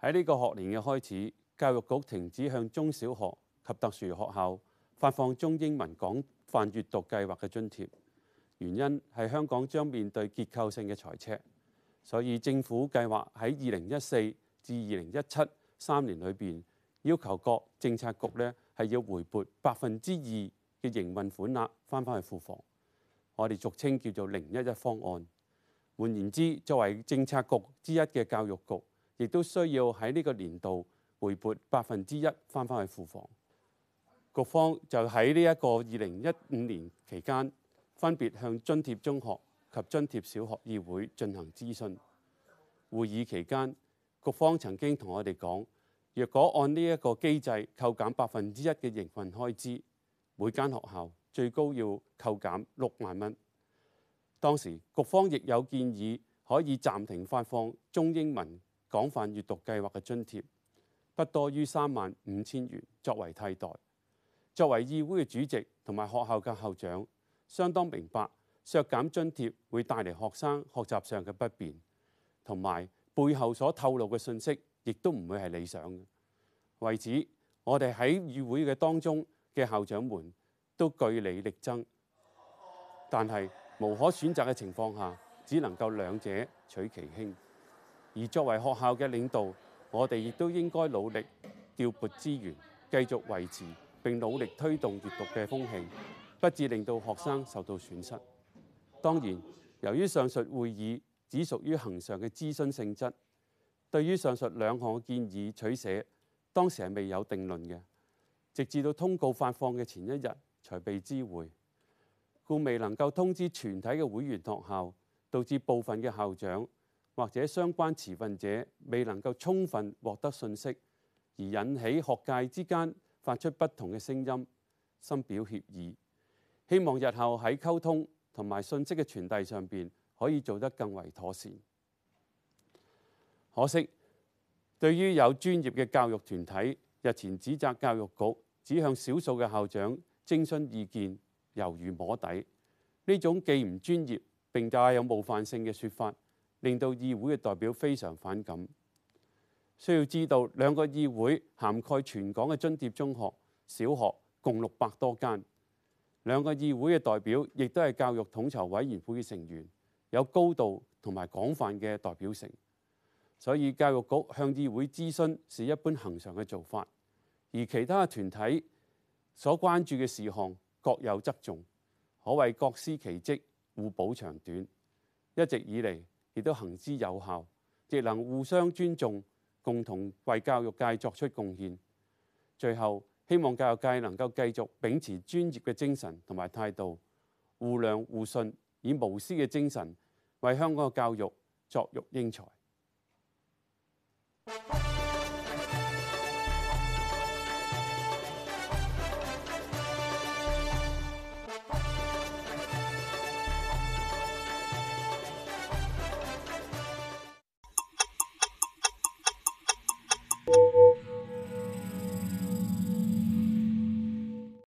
喺呢個學年嘅開始，教育局停止向中小學及特殊學校發放中英文廣泛閱讀計劃嘅津貼，原因係香港將面對結構性嘅財赤，所以政府計劃喺二零一四至二零一七三年裏邊，要求各政策局呢係要回撥百分之二。營運款額，翻返去庫房，我哋俗稱叫做零一一方案。換言之，作為政策局之一嘅教育局，亦都需要喺呢個年度回撥百分之一翻返去庫房。局方就喺呢一個二零一五年期間，分別向津貼中學及津貼小學議會進行諮詢。會議期間，局方曾經同我哋講，若果按呢一個機制扣減百分之一嘅營運開支。每間學校最高要扣減六萬蚊。當時局方亦有建議，可以暫停發放中英文廣泛閱讀計劃嘅津貼，不多於三萬五千元作為替代。作為議會嘅主席同埋學校嘅校長，相當明白削減津貼會帶嚟學生學習上嘅不便，同埋背後所透露嘅信息亦都唔會係理想嘅。為此，我哋喺議會嘅當中。嘅校長們都據理力爭，但係無可選擇嘅情況下，只能夠兩者取其輕。而作為學校嘅領導，我哋亦都應該努力調撥資源，繼續維持並努力推動閱讀嘅風氣，不致令到學生受到損失。當然，由於上述會議只屬於恆常嘅諮詢性質，對於上述兩項建議取捨，當時係未有定論嘅。直至到通告發放嘅前一日才被知會，故未能夠通知全體嘅會員學校，導致部分嘅校長或者相關持份者未能夠充分獲得信息，而引起學界之間發出不同嘅聲音，深表歉意。希望日後喺溝通同埋信息嘅傳遞上邊可以做得更為妥善。可惜，對於有專業嘅教育團體日前指責教育局，只向少數嘅校長徵詢意見，猶如摸底。呢種既唔專業並帶有冒犯性嘅説法，令到議會嘅代表非常反感。需要知道，兩個議會涵蓋全港嘅津貼中學、小學共六百多間。兩個議會嘅代表亦都係教育統籌委員會嘅成員，有高度同埋廣泛嘅代表性。所以教育局向議會諮詢是一般恒常嘅做法。而其他團體所關注嘅事項各有側重，可謂各司其職，互補長短。一直以嚟亦都行之有效，亦能互相尊重，共同為教育界作出貢獻。最後，希望教育界能夠繼續秉持專業嘅精神同埋態度，互諒互信，以無私嘅精神為香港嘅教育作育英才。